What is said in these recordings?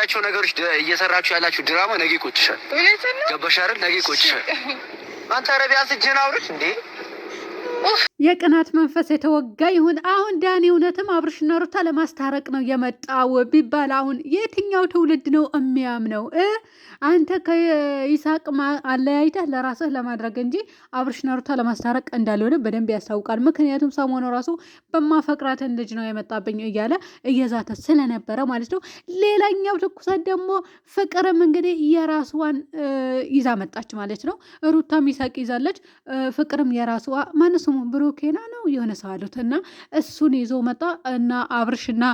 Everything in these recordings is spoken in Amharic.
የምታደርጊያቸው ነገሮች እየሰራችሁ ያላችሁ ድራማ ነገ ይቆጭሻል። ገባሽ አይደል? ነገ ይቆጭሻል። አንተ ኧረ ቢያንስ እጅህን አውርድ እንዴ! የቅናት መንፈስ የተወጋ ይሁን። አሁን ዳኒ እውነትም አብርሽና ሩታ ለማስታረቅ ነው የመጣው ቢባል አሁን የትኛው ትውልድ ነው የሚያምነው? አንተ ከይሳቅ አለያይተህ ለራስህ ለማድረግ እንጂ አብርሽና ሩታ ለማስታረቅ እንዳልሆነ በደንብ ያስታውቃል። ምክንያቱም ሰሞኑ ራሱ በማፈቅራትን ልጅ ነው የመጣብኝ እያለ እየዛተ ስለነበረ ማለት ነው። ሌላኛው ትኩሳት ደግሞ ፍቅርም እንግዲህ የራስዋን ይዛ መጣች ማለት ነው። ሩታም ይሳቅ ይዛለች፣ ፍቅርም የራስዋ ማንስሙ ብሩ ብሩኬና ነው የሆነ ሰው አሉት እና እሱን ይዞ መጣ እና አብርሽና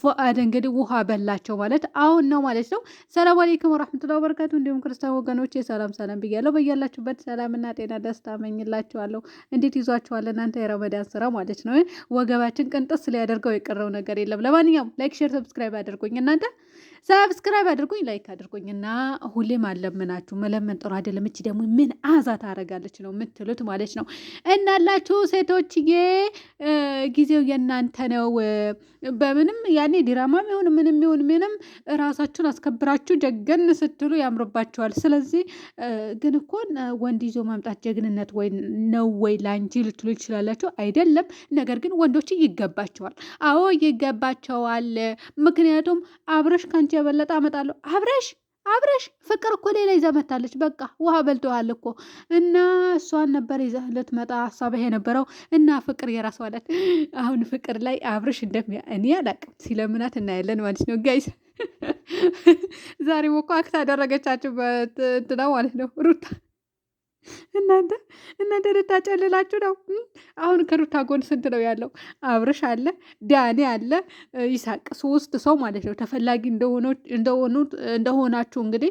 ፉአድ እንግዲህ ውሃ በላቸው ማለት አሁን ነው ማለት ነው። ሰላም አሌይኩም ወራህመቱላ ወበረካቱ። እንዲሁም ክርስቲያን ወገኖች ሰላም ሰላም ብያለሁ። በያላችሁበት ሰላምና ጤና ደስታ መኝላችኋለሁ። እንዴት ይዟችኋል እናንተ? የረመዳን ስራ ማለት ነው ወገባችን ቅንጥስ ሊያደርገው የቀረው ነገር የለም። ለማንኛውም ላይክ፣ ሼር፣ ሰብስክራይብ አድርጎኝ እናንተ ሰብስክራይብ አድርጉኝ፣ ላይክ አድርጉኝ እና ሁሌም አለምናችሁ መለመን ጥሩ አይደለም። እቺ ደግሞ ምን አዛ ታደርጋለች ነው የምትሉት ማለት ነው። እናላችሁ ሴቶችዬ፣ ጊዜው የእናንተ ነው። በምንም ያኔ ዲራማ ሚሆን ምንም ሚሆን ምንም ራሳችሁን አስከብራችሁ ጀገን ስትሉ ያምርባችኋል። ስለዚህ ግን እኮ ወንድ ይዞ ማምጣት ጀግንነት ወይ ነው ወይ ላንጂ ልትሉ ይችላላችሁ፣ አይደለም። ነገር ግን ወንዶች ይገባቸዋል። አዎ ይገባቸዋል። ምክንያቱም አብረሽ ከን ከአንቺ የበለጠ አመጣለሁ። አብረሽ አብረሽ ፍቅር እኮ ሌላ ይዛ መታለች። በቃ ውሃ በልተዋል እኮ እና እሷን ነበር ይዛ ልትመጣ ሀሳብህ የነበረው እና ፍቅር የራስ ዋለት አሁን ፍቅር ላይ አብርሽ እንደም እኔ አላቅም ሲለምናት እናያለን ማለት ነው ጋይስ። ዛሬ እኮ አክት አደረገቻችሁ በትንትና ማለት ነው ሩታ እናንተ እናንተ ልታጨልላችሁ ነው። አሁን ከሩታ ጎን ስንት ነው ያለው? አብርሽ አለ፣ ዳኔ አለ፣ ይሳቅ ሶስት ሰው ማለት ነው። ተፈላጊ እንደሆናችሁ እንግዲህ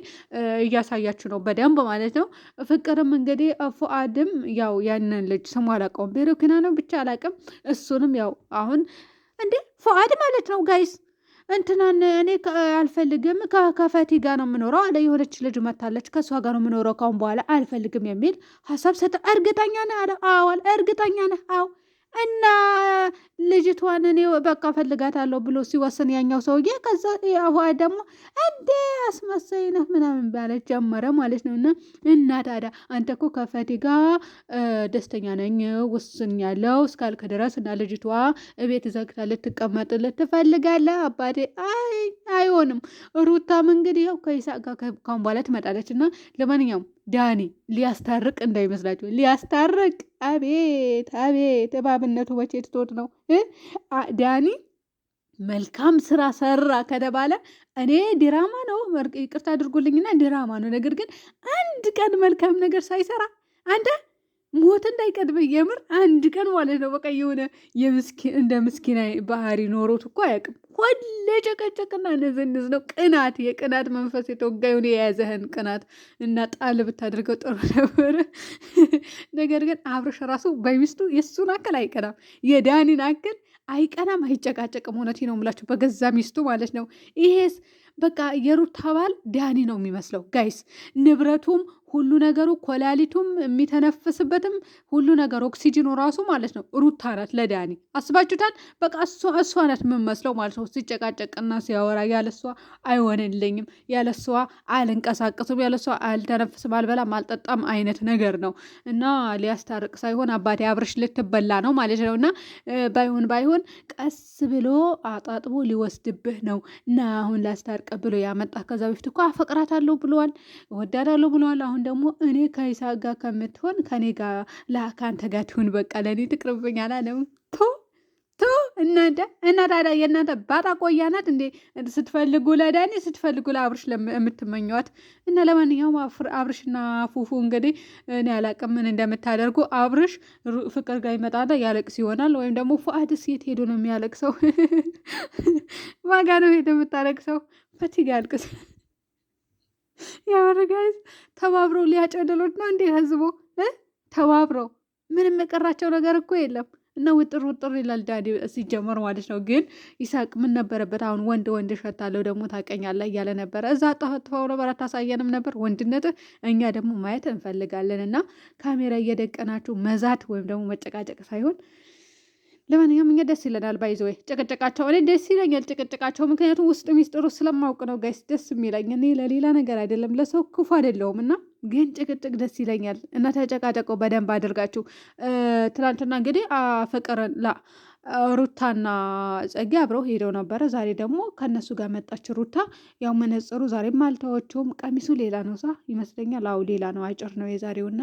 እያሳያችሁ ነው በደንብ ማለት ነው። ፍቅርም እንግዲህ ፉአድም ያው ያንን ልጅ ስሙ አላውቀውም፣ ቤሮኪና ነው ብቻ አላውቅም። እሱንም ያው አሁን እንዴ ፉአድ ማለት ነው ጋይስ እንትናን እኔ አልፈልግም ከፈቲ ጋር ነው የምኖረው አለ። የሆነች ልጅ መታለች ከእሷ ጋር ነው የምኖረው ካሁን በኋላ አልፈልግም የሚል ሀሳብ ሰጠ። እርግጠኛ ነህ አለ። አዋል እርግጠኛ ነህ? አዎ እና ልጅቷን እኔ በቃ ፈልጋታለሁ ብሎ ሲወስን ያኛው ሰውዬ ከዛ ያዋ ደግሞ እንዴ አስመሳይ ነህ ምናምን ባለች ጀመረ ማለት ነው። እና እና ታዲያ አንተ እኮ ከፈቲ ጋር ደስተኛ ነኝ ውስን ያለው እስካልክ ድረስ እና ልጅቷ እቤት ዘግታ ልትቀመጥ ልትፈልጋለ አባቴ፣ አይ አይሆንም። ሩታም እንግዲህ ያው ከይሳ ጋር ካሁን በኋላ ትመጣለች እና ለማንኛውም ዳኒ ሊያስታርቅ እንዳይመስላችሁ ሊያስታርቅ። አቤት አቤት፣ እባብነቱ መቼ ትቶት ነው ዳኒ መልካም ስራ ሰራ ከተባለ እኔ ድራማ ነው ይቅርታ አድርጉልኝና ድራማ ነው። ነገር ግን አንድ ቀን መልካም ነገር ሳይሰራ አንዳ ሞት እንዳይቀድመ የምር አንድ ቀን ማለት ነው። በቃ የሆነ እንደ ምስኪና ባህሪ ኖሮት እኮ አያውቅም። ሁሌ ጨቀጨቅና ነዘንዝ ነው። ቅናት፣ የቅናት መንፈስ የተወጋ የሆነ የያዘህን ቅናት እና ጣል ብታደርገው ጥሩ ነበረ። ነገር ግን አብረሽ ራሱ በሚስቱ የእሱን አክል አይቀናም፣ የዳኒን አክል አይቀናም፣ አይጨቃጨቅም። እውነቴ ነው የምላችሁ በገዛ ሚስቱ ማለት ነው። ይሄስ በቃ የሩታ ባል ዳኒ ነው የሚመስለው ጋይስ፣ ንብረቱም ሁሉ ነገሩ ኮላሊቱም የሚተነፍስበትም ሁሉ ነገር ኦክሲጅኑ ራሱ ማለት ነው። ሩታ ናት ለዳኒ አስባችሁታል። በቃ እሷ እሷ ናት የምመስለው ማለት ነው። ሲጨቃጨቅና ሲያወራ ያለሷ አይሆንልኝም፣ ያለ አልንቀሳቀስም፣ ያለሷ አልተነፍስም፣ አልበላም፣ አልጠጣም አይነት ነገር ነው እና ሊያስታርቅ ሳይሆን አባቴ አብርሽ ልትበላ ነው ማለት ነው እና ባይሆን ባይሆን ቀስ ብሎ አጣጥቦ ሊወስድብህ ነው እና አሁን ላስታርቅ ብሎ ያመጣ ከዛ በፊት እኮ አፈቅራታለሁ ብለዋል፣ እወዳታለሁ ብለዋል። አሁን አሁን ደግሞ እኔ ከይስሐቅ ጋር ከምትሆን ከኔ ጋር ለአካንተ ጋር ትሁን፣ በቃ ለእኔ ትቅርብኝ አላለም። ቶ ቶ እናንተ እና ታዲያ የእናንተ ባጣ ቆያናት እንዴ? ስትፈልጉ ለዳኒ ስትፈልጉ ለአብርሽ የምትመኘዋት እና ለማንኛውም አብርሽና ፉፉ እንግዲህ እኔ አላቅም ምን እንደምታደርጉ። አብርሽ ፍቅር ጋር ይመጣና ያለቅስ ይሆናል። ወይም ደግሞ ፉአድስ የት ሄዶ ነው የሚያለቅሰው? ማጋ ነው ሄዶ የምታለቅሰው? ፈቲ ያልቅስ ያበረጋይ ተባብረው ሊያጨድሉት ነው እንዴ? ህዝቡ ተባብረው ምንም የቀራቸው ነገር እኮ የለም። እና ውጥር ውጥር ይላል ዳዲ ሲጀመር ማለት ነው። ግን ይሳቅ ምን ነበረበት አሁን ወንድ ወንድ እሸታለሁ ደግሞ ታቀኛለህ እያለ ነበረ። እዛ ጠፈጥፈው ነበር አታሳየንም ነበር ወንድነት። እኛ ደግሞ ማየት እንፈልጋለን። እና ካሜራ እየደቀናችሁ መዛት ወይም ደግሞ መጨቃጨቅ ሳይሆን ለማንኛውም እኛ ደስ ይለናል። ባይዘ ወይ ጭቅጭቃቸው እኔ ደስ ይለኛል ጭቅጭቃቸው፣ ምክንያቱም ውስጥ ሚስጥሩ ስለማውቅ ነው ጋይስ ደስ የሚለኝ። እኔ ለሌላ ነገር አይደለም ለሰው ክፉ አይደለውም እና ግን ጭቅጭቅ ደስ ይለኛል እና ተጨቃጨቀው በደንብ አድርጋችሁ። ትናንትና እንግዲህ ፍቅርን ላ ሩታና ጸጌ አብረው ሄደው ነበረ። ዛሬ ደግሞ ከነሱ ጋር መጣች ሩታ። ያው መነጽሩ ዛሬም አልተወችውም። ቀሚሱ ሌላ ነው ሳ ይመስለኛል። አው ሌላ ነው፣ አጭር ነው የዛሬውና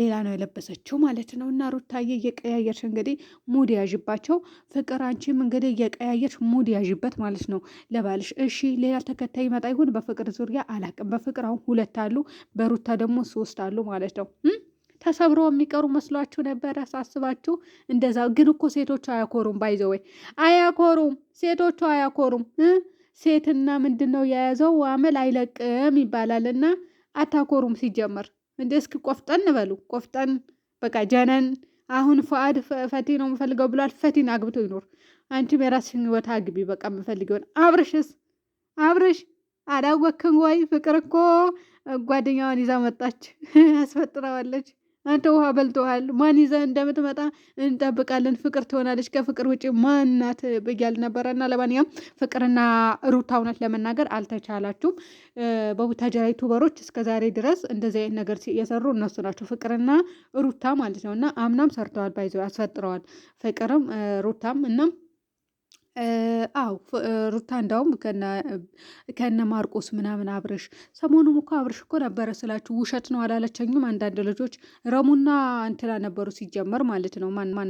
ሌላ ነው የለበሰችው ማለት ነው። እና ሩታዬ እየቀያየርሽ እንግዲህ ሙድ ያዥባቸው ፍቅር። አንቺም እንግዲህ እየቀያየርሽ ሙድ ያዥበት ማለት ነው ለባልሽ። እሺ ሌላ ተከታይ ይመጣ ይሁን በፍቅር ዙሪያ አላቅም። በፍቅር አሁን ሁለት አሉ፣ በሩታ ደግሞ ሶስት አሉ ማለት ነው። ተሰብሮ የሚቀሩ መስሏችሁ ነበረ ሳስባችሁ። እንደዛ ግን እኮ ሴቶቹ አያኮሩም፣ ባይዘወይ አያኮሩም፣ ሴቶቹ አያኮሩም። ሴትና ምንድን ነው የያዘው አመል አይለቅም ይባላል። እና አታኮሩም ሲጀመር። እንደ እስኪ ቆፍጠን በሉ ቆፍጠን፣ በቃ ጀነን። አሁን ፈአድ ፈቲ ነው የምፈልገው ብሏል። ፈቲን አግብቶ ይኖር። አንቺም የራስሽን ህይወት አግቢ፣ በቃ የምፈልገውን። አብርሽስ አብርሽ አዳወክም ወይ? ፍቅር እኮ ጓደኛዋን ይዛ መጣች፣ አስፈጥረዋለች። አንተ ውሃ በልተዋል። ማን ይዘህ እንደምትመጣ እንጠብቃለን። ፍቅር ትሆናለች፣ ከፍቅር ውጭ ማናት ብያል ነበረ እና ለማንኛውም ፍቅርና ሩታ እውነት ለመናገር አልተቻላችሁም። በቡታጀራ ዩቱበሮች እስከዛሬ ድረስ እንደዚህ አይነት ነገር የሰሩ እነሱ ናቸው፣ ፍቅርና ሩታ ማለት ነው። እና አምናም ሰርተዋል፣ ባይዘ አስፈጥረዋል፣ ፍቅርም ሩታም እናም አው ሩታ እንዳውም ከነ ማርቆስ ምናምን አብረሽ ሰሞኑም እኮ አብርሽ እኮ ነበረ ስላችሁ ውሸት ነው አላለቸኝም። አንዳንድ ልጆች ረሙና እንትና ነበሩ ሲጀመር ማለት ነው ማን